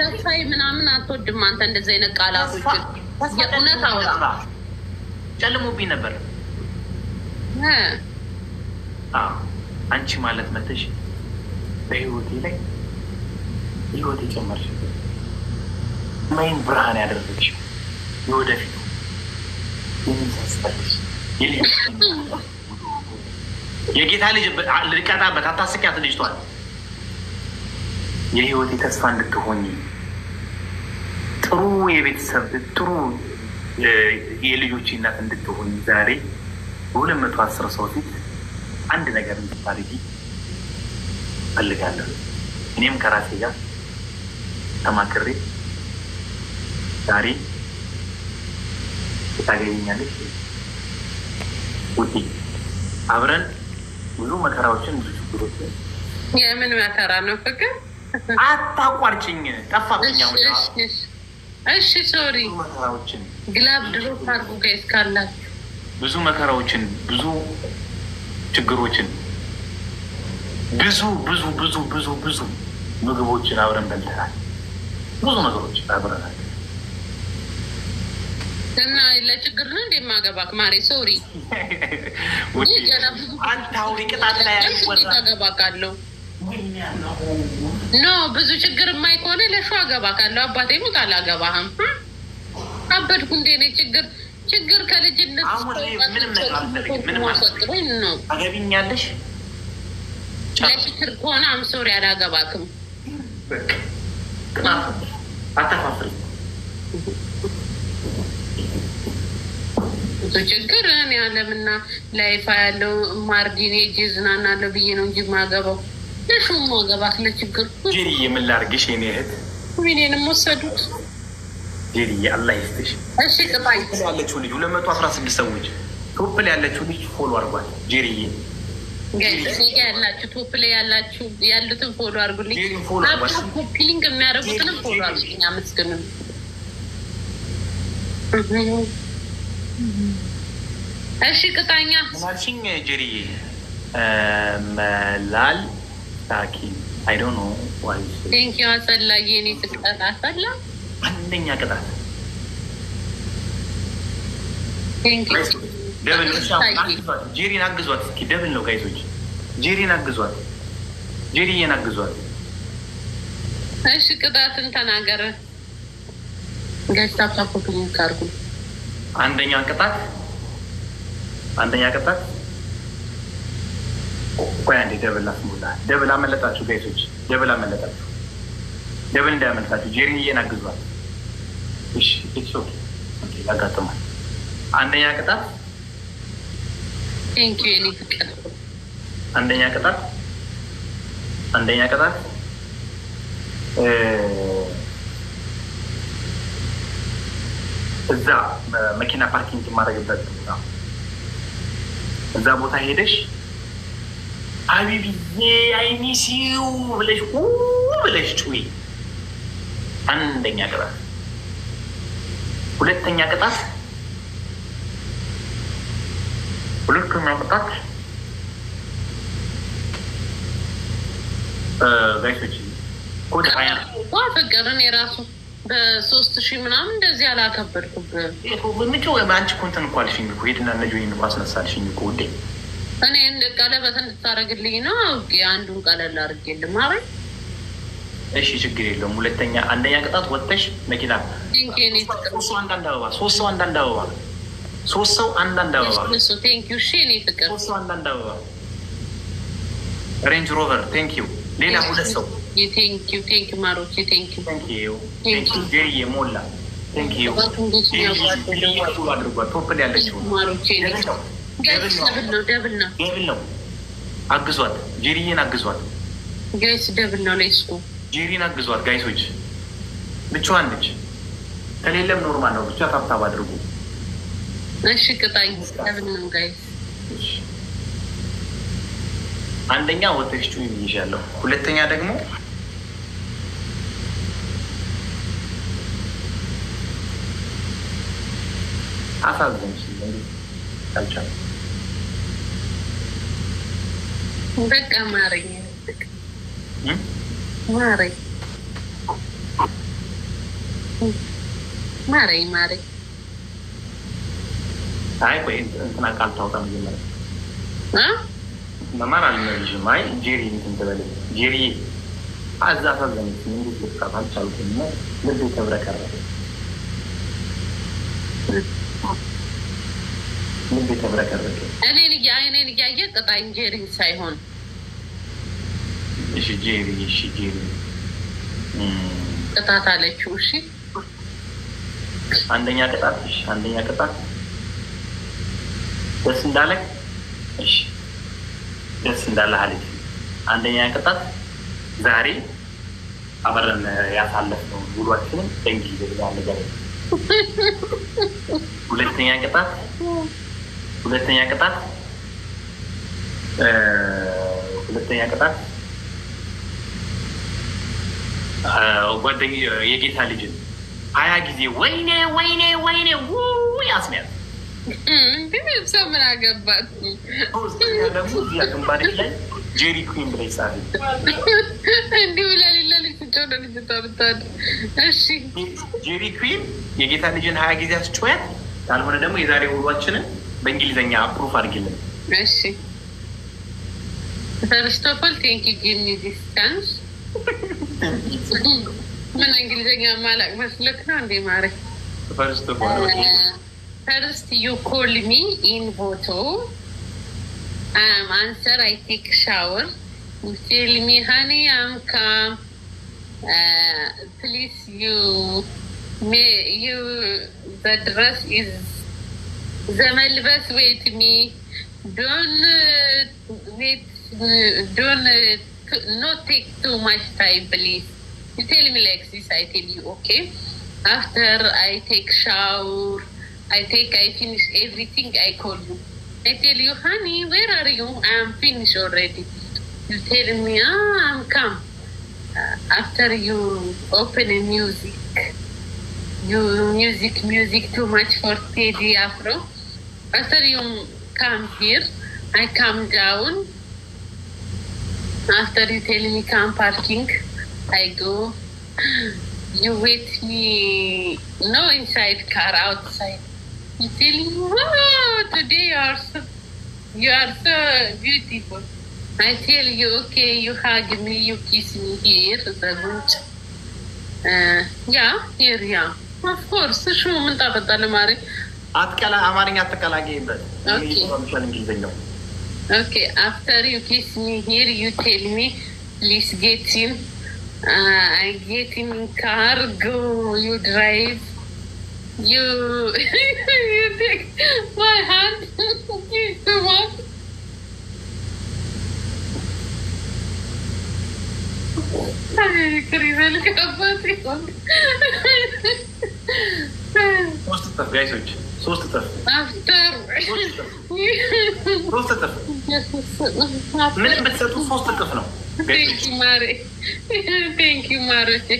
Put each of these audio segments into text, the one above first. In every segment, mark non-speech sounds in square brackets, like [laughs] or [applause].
ተስፋዬ ምናምን አትወድም አንተ እንደዚህ አይነት ቃላቶች የእውነት አውራ ጨልሞብኝ ነበር። አንቺ ማለት መተሽ በህይወቴ ላይ ህይወት የጨመርሽ ማይን ብርሃን ያደረገች የወደፊቱ የሚሳስፈልሽ የጌታ ልጅ ልቀጣበት አታስቂያት ልጅቷል የህይወቴ ተስፋ እንድትሆኝ ጥሩ የቤተሰብ ጥሩ የልጆች እናት እንድትሆኝ ዛሬ በሁለት መቶ አስር ሰው ፊት አንድ ነገር እንድታደርጊ ፈልጋለሁ። እኔም ከራሴ ጋር ተማክሬ ዛሬ ታገኘኛለች ውጤ አብረን ብዙ መከራዎችን ብዙ ችግሮችን የምን መከራ ነው ፍቅር አታቋርጭኝ፣ ጠፋብኝ። እሺ ሶሪ። ግላብ ድሮፕ አድርጉ ጋይስ ካላችሁ። ብዙ መከራዎችን፣ ብዙ ችግሮችን፣ ብዙ ብዙ ብዙ ብዙ ብዙ ምግቦችን አብረን በልተናል። ብዙ ነገሮች አብረናል። እና ለችግር ነው እንደ ማገባክ ማሬ ሶሪ። አንተ አውሪ ቅጣት ላይ ያገባካለሁ ኖ ብዙ ችግር የማይ ከሆነ ለሾ አገባ ካለው አባቴ ሙት አላገባህም። አበድኩ እንዴ ነ ችግር ችግር ከልጅነት ነው። ለችግር ከሆነ አምሶሪ አላገባክም። ብዙ ችግር እኔ አለምና ላይፋ ያለው ማርዲኔ እጅ ዝናናለሁ ብዬ ነው እንጂ ማገባው ለሹሞ ገባክ ለችግር እህት? ወሰዱት። ጄሪዬ አላህ ይስጥሽ። እሺ ቅጣኝ ያለችው ልጅ ሁለት መቶ አስራ ስድስት ሰዎች ቶፕ ላይ ያለችው ልጅ ፎሎ አድርጓል። ያላችሁ ቶፕ ላይ ያላችሁ ያሉትን ፎሎ አድርጉልኝ። ኮፒሊንግ የሚያደርጉትንም ፎሎ አድርጉልኝ። አመስግንም እሺ ቅጣኛ መላል ሳኪ አይ ዶንት ኖ ዋይ የኔ አሰላ አንደኛ ቅጣት ደብል ጄሪን አግዟት እስኪ ደብል ነው ጋይዞች ጄሪን አግዟት ጄሪዬን አግዟት እሺ ቅጣትን ተናገረ ጋይስታፕታፖ አንደኛ ቅጣት አንደኛ ቅጣት ቆይ አንዴ ደብል ላስሙላ። ደብል አመለጣችሁ ጋይቶች፣ ደብል አመለጣችሁ። ደብል እንዳያመልጣችሁ ጄሪዬን አግዟል። እሺ ኢትስ ኦኬ ያጋጥማል። አንደኛ ቅጣት አንደኛ ቅጣት አንደኛ ቅጣት እዛ መኪና ፓርኪንግ የማደርግበት እዛ ቦታ ሄደሽ አቢብዬ አይሚሲው ብለሽ ብለሽ ጩይ። አንደኛ ቅጣት። ሁለተኛ ቅጣት ሁለተኛ ቅጣት ጋይሶች ፍቅርን የራሱ በሶስት ሺህ ምናምን እንደዚህ አላከበድኩም። ምንጭ አንቺ እኮ እኮ አልሽኝ እኮ ሄድና ነጆኝ እኮ አስነሳልሽኝ እኮ ውዴ እኔ እንደ ቀለበት እንድታደርግልኝ ነው። አንዱን ቀለል አድርጌልም። አረ እሺ፣ ችግር የለውም። ሁለተኛ አንደኛ ቅጣት ወጥተሽ መኪና ሶስት ሰው አንዳንድ አበባ ሶስት ሰው አንዳንድ አበባ ሬንጅ ሮቨር ቴንክ ዩ። ሌላ ሁለት ሰው ጀርዬ ሞላ ቶፕል ያለችው ደብል ነው ደብል ነው። አግዟት፣ ጄሪዬን አግዟት ጋይስ። ደብል ነው ላይ ጄሪን አግዟት ጋይሶች። ብቻዋን ነች፣ ከሌለም ኖርማል ነው። ብቻ ታብታብ አድርጉ እሺ። ቅጣኝ። ደብል ነው ጋይስ። አንደኛ ወተሽ ጩ ይዣለሁ። ሁለተኛ ደግሞ አሳዘንሽ ካልቻለ በቃ ማረኝ ማረኝ ማረኝ ማረኝ። አይ ቆይ እንትና ቃል ታውጣ መጀመሪያ መማር አልመልሽም። አይ ጄሪ እንትን ትበልኝ ጄሪ አዛ ፈዘነች እንዴት ልብቃት አልቻልኩም። ልብ ተብረቀረበ እኔን እኔን እያየ ቅጣ እንጀሪ ሳይሆን እሺ፣ ጄሪ እሺ፣ ጄሪ ቅጣት አለችው። እሺ፣ አንደኛ ቅጣት እሺ፣ አንደኛ ቅጣት ደስ እንዳለ እሺ፣ ደስ እንዳለ አለች። አንደኛ ቅጣት ዛሬ አብረን ያሳለፍነው ውሏችንን በእንግሊዝኛ ነገር። ሁለተኛ ቅጣት ሁለተኛ ቅጣት ሁለተኛ ቅጣት ጓደኛ የጌታ ልጅን ሀያ ጊዜ ወይኔ ወይኔ ወይኔ ውይ አስሚያት ሰው ምን አገባት ጄሪ ኩን ብለይ ጻፊ እንዲሁ ለሌላ ልጅ ጮነ ልጅቷ ብታድ እሺ ጄሪ ኩን የጌታ ልጅን ሀያ ጊዜ አስጮያት ካልሆነ ደግሞ የዛሬ ውሏችንን በእንግሊዝኛ አፕሩፍ አድርጊልን። እሺ ፈርስት ኦፍ ኦል ቴንክ ዩ ጊቭ ሚ ዲስ ቻንስ። ምን እንግሊዝኛ ማላቅ መስሎክ ነው እንዴ ማረ? ፈርስት ኦፍ ኦል ፈርስት ዩ ኮል ሚ ኢን ቦቶ አንሰር አይ ቴክ ሻወር ዩ ቴል ሚ ሀኒ አም ካም ፕሊዝ ዩ ዩ ዘ ድረስ ኢዝ ዘመልበስ way to me, do not take too much time, please. You tell me like this, I tell you, okay? After I take shower, I take, I finish everything, I call you. I tell you, honey, where are you? I'm finished already. You tell me, ah, I'm come. Uh, after you open a music, you music, music too much for Teddy Afro. After you come here, I come down. After you tell me come parking, I go. You wait me, no inside car, outside. You tell me, wow, today you are so, you are so beautiful. I tell you, okay, you hug me, you kiss me here, the good. Uh, yeah, here, yeah. Of course, At kelah, amari ngat kelah game, Okay, after you finish here, you tell me list getting, ah uh, getting cargo, you drive, you, [laughs] you think, [laughs] what [laughs] ሶስት እጥፍ ሶስት እጥፍ ምንም ብትሰጡ ሶስት ጥፍ ነው።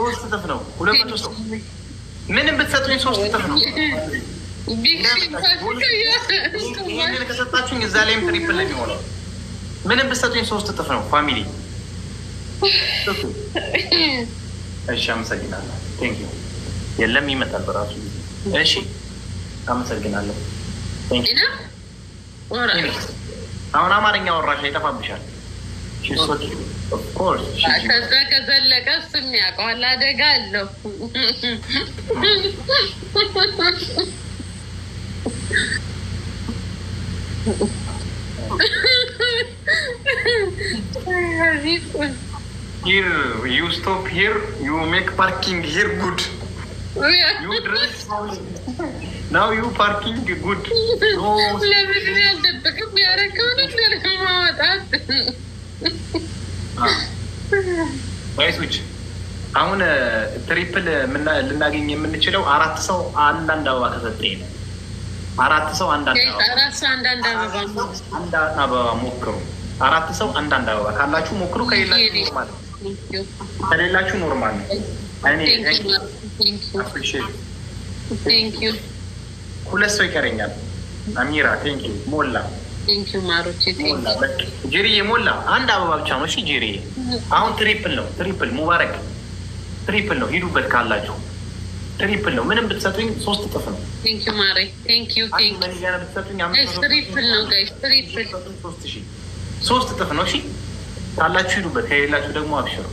ሶስት እጥፍ ነው። ሁለት መቶ ሰው ምንም ብትሰጡኝ ሶስት ጥፍ ነው። ይህንን ከሰጣችሁኝ እዛ ላይም ትሪፕል ነው የሚሆነው። ምንም ብትሰጡኝ ሶስት እጥፍ ነው። ፋሚሊ እሺ፣ አመሰግናለሁ። የለም ይመጣል በራሱ ጊዜ። እሺ አመሰግናለሁ። አሁን አማርኛ ወራሽ ይጠፋብሻል። ከዛ ከዘለቀ እሱም ያውቀዋል። አደጋ አለው። ዩ ስቶፕ ሂር ዩ ሜክ ፓርኪንግ ሂር ጉድ ናው ዩ ፓርኪንግ ጉድ ለምንድን ያልደበቅም ያረከውን ነገር ማወጣት አሁን ትሪፕል ልናገኝ የምንችለው አራት ሰው አንዳንድ አበባ ከሰጠኝ ነው። አራት ሰው አንዳንድ አበባ ሞክሩ። አራት ሰው አንዳንድ አበባ ካላችሁ ሞክሩ፣ ከሌላችሁ ኖርማል ነው። ከሌላችሁ ኖርማል ነው። ሁለት ሰው ይቀረኛል። አሚራ ቴንኪ ሞላ ጅሪ የሞላ አንድ አበባ ብቻ ነው። እሺ ጅሪ አሁን ትሪፕል ነው። ትሪፕል ሙባረክ ትሪፕል ነው። ሂዱበት ካላችሁ ትሪፕል ነው። ምንም ብትሰጡኝ ሶስት እጥፍ ነው። ሶስት እጥፍ ነው። እሺ ካላችሁ ሂዱበት፣ ከሌላችሁ ደግሞ አብሽሩ።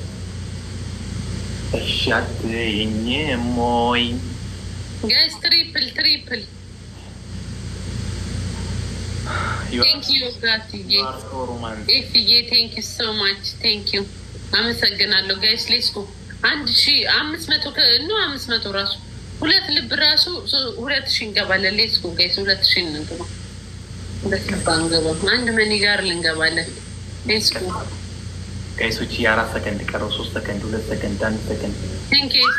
እሺ አትይኝ ሞይ ጋይስ ትሪፕል ትሪፕል ቴንኪው ሶ ማች ቴንኪው። አመሰግናለሁ ጋይስ። ሌስ ጎ አንድ ሺ አምስት መቶ ኖ አምስት መቶ ራሱ ሁለት ልብ ራሱ ሁለት ሺ እንገባለን። ሌስ ጎ ጋይስ፣ ሁለት ሺ እንግባ። ሁለት ልብ አንገባም፣ አንድ መኒ ጋር ልንገባለን። ሌስ ጎ ጋይስ። የአራት ሰከንድ ቀረው፣ ሶስት ሰከንድ፣ ሁለት ሰከንድ፣ አንድ ሰከንድ። ቴንኪው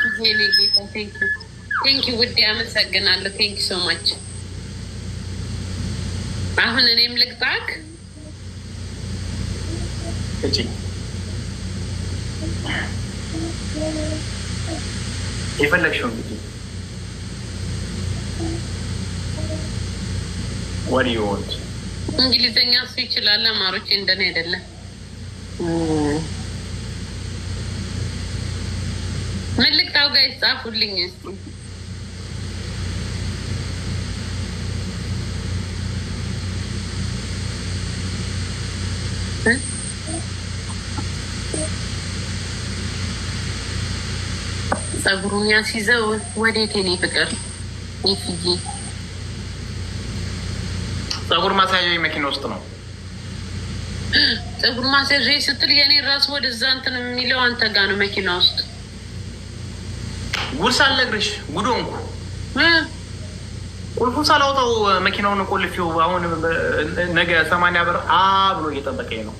ቴንኪው ውዴ፣ አመሰግናለሁ። ቴንኪው ሶ ማች አሁን እኔም ልግዛክ የፈለግሽው እንግዲህ ወዲ ወት እንግሊዝኛ እሱ ይችላል። አማሮች እንደኔ አይደለም። ምን hmm. ልቅጣው ጋር ይጻፉልኝ እስኪ ጸጉሩን ያስይዘው ወዴት የኔ ፍቅር ይፍዬ ጸጉር ማስያዣ መኪና ውስጥ ነው። ጸጉር ማስያዣ ስትል የኔ ራሱ ወደዛ እንትን የሚለው አንተ ጋ ነው። መኪና ውስጥ ጉድ ሳልነግርሽ ጉድ ሆንኩ። ሳላውጣው መኪናውን ቆልፌው አሁን ነገ ሰማንያ ብር አ ብሎ እየጠበቀኝ ነው።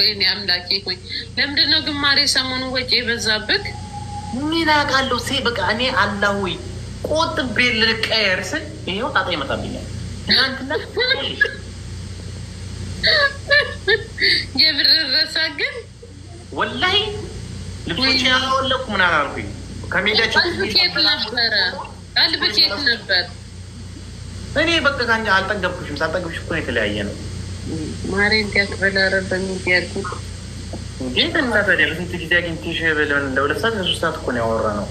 ወይኔ አምላኬ ሆይ ለምንድን ነው ግማሬ ሰሞኑ ወጪ የበዛብህ? ምን አውቃለሁ ሴ በቃ እኔ አላሁ ቆጥቤ ልቀየር ስል ይሄው ጣጣ ይመጣብኛል። ትናንትና የብር ረሳ ግን ወላይ ልብሶች ያለወለኩ ምን አላልኩኝ። ከሜዳቸው ኬት ነበረ ቀልብ ነበር። እኔ በቃ አልጠገብኩሽም። ሳልጠገብሽ እኮ የተለያየ ነው ማሬ እንዲያክበላረ በሚዲያ እንዴት እና ታዲያ በስንት ጊዜ አግኝቼሽ ብለን ለሁለት ሰዓት ለሶስት ሰዓት እኮ ነው ያወራነው።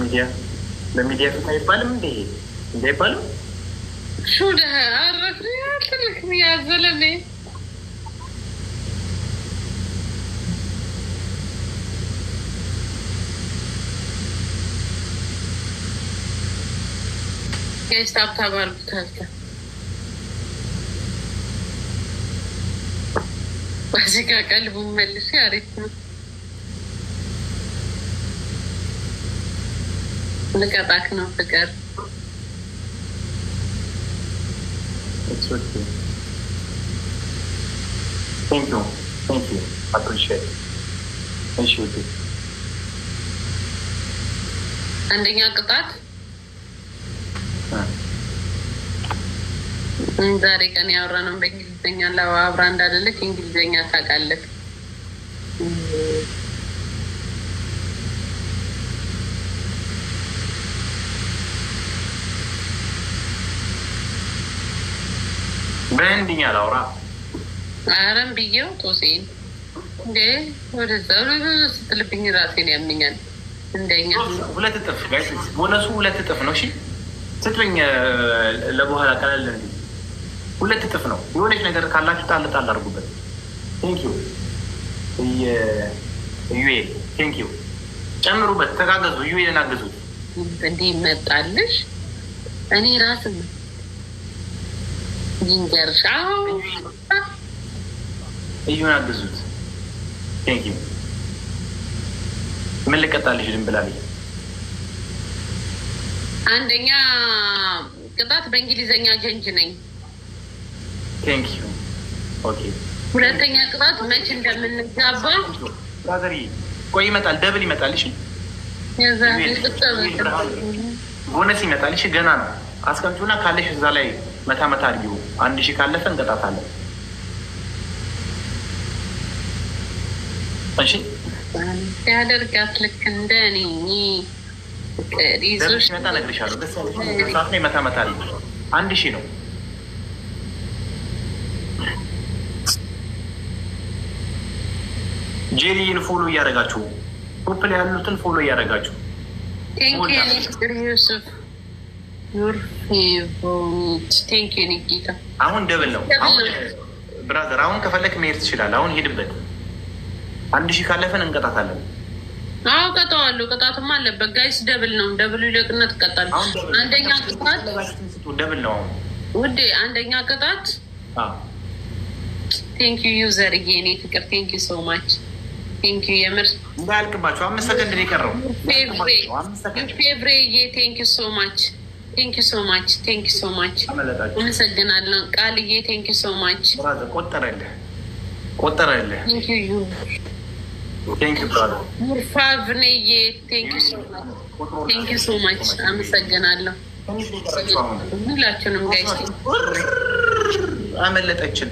ሚዲያ ለሚዲያ ፊት አይባልም እንደ እንደ አይባልም ታብታብ አድርጉታል። በዚህ ጋር ቀልቡ መልሱ አሪፍ ነው። ልቀጣክ ነው ፍቅር አንደኛ ቅጣት ዛሬ ቀን ነው በእንግሊዝ እርግጠኛ አብራ እንዳደለች እንግሊዝኛ ታውቃለች። በህንድኛ ላውራ አረም ብዬው ቶሴን እንዴ ወደዛ ስትልብኝ ራሴን ያምኛል። እንደኛ ሁለት እጥፍ ጋይ ቦነሱ ሁለት እጥፍ ነው። እሺ ስትለኝ ለበኋላ ቀላል ሁለት እጥፍ ነው። የሆነች ነገር ካላችሁ ጣል ጣል አድርጉበት። ቴንኪዩ ዩኤ ጨምሩበት። ተጋገዙ። ዩኤን አግዙት። እንዲህ መጣልሽ እኔ ራስ ይንገርሻ እዩን አግዙት። ቴንኪዩ ምን ልቀጣልሽ? ድን ብላለች። አንደኛ ቅጣት በእንግሊዝኛ ጀንጅ ነኝ ቴንክ ዩ ኦኬ። ሁለተኛ ቅጣት መቼ እንደምንጋባ ብራዘር፣ ቆይ ይመጣል፣ ደብል ይመጣል። እሺ ቦነስ ይመጣል። እሺ ገና ነው። አስቀምጪውና ካለሽ እዛ ላይ መታ መታ አድርጊው። አንድ ሺህ ካለፈ እንቀጣታለን። እሺ ያደርጋት ልክ እንደ እኔ ይዞሽ እነግርሻለሁ። ደስ መታ መታ አድርጊው። አንድ ሺህ ነው ጄሪን ፎሎ እያደረጋችሁ ግሩፕ ላይ ያሉትን ፎሎ እያደረጋችሁ አሁን ደብል ነው ብራዘር። አሁን ከፈለክ መሄድ ትችላለህ። አሁን ሄድበት። አንድ ሺህ ካለፈን እንቀጣታለን። አዎ ቀጠዋለሁ። ቅጣትም አለበት ጋይስ። ደብል ነው። ደብሉ ይለቅነት ቀጣል። አንደኛ ቅጣት ደብል ነው። አሁን ውዴ አንደኛ ቅጣት ቴንኪዩ ዩዘር ጌኔ ፍቅር ቴንኪዩ ሶ ማች ቴንኪው የምር እንዳልቅባቸው አምስት ሰከንድ ነው የቀረው ፌብሬ ዬ ቴንኪው ሶ ማች ቴንኪው ሶ ማች ቴንኪው ሶ ማች አመሰግናለሁ። ቃልዬ ቴንኪው ሶ ማች ቆጠረልህ ቆጠረልህ። ቴንኪው ዩ ሙርፋቭኔዬ ቴንኪው ሶ ማች አመሰግናለሁ። ሁላችሁንም ጋይስ አመለጠችን።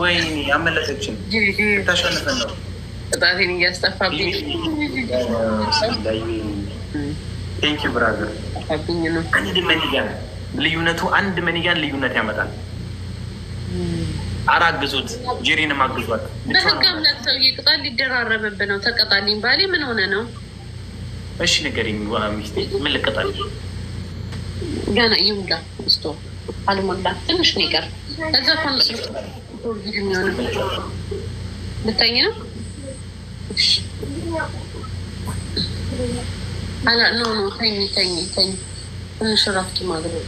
ወይኔ አመለጠችን። ታሸንፈን ነው ቅጣቴን እያስጠፋብኝ ቴንኪው ብራዘር። አንድ መኒጋን ልዩነቱ አንድ መንያን ልዩነት ያመጣል። አራግዙት አግዙት፣ ጄሪንም አግዟት። በህግ አምላክ ሰውዬ ቅጣት ሊደራረብብህ ነው። ተቀጣልኝ ባሌ። ምን ሆነ ነው? እሺ ንገሪኝ ሚስቴ፣ ምን ልቀጣልኝ? ገና ይሙላ ስቶ አልሞላ ትንሽ ነው ይቀር። እዛ ከምስሉ ነው ኖ ኖ ተኝ ተኝ ተኝ ትንሽ እረፍት ማድረግ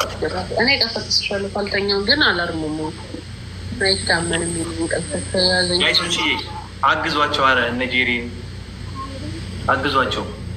እኔ ቀፈት ስሻለ ግን ያዘኝ አግዟቸው። አረ አግዟቸው።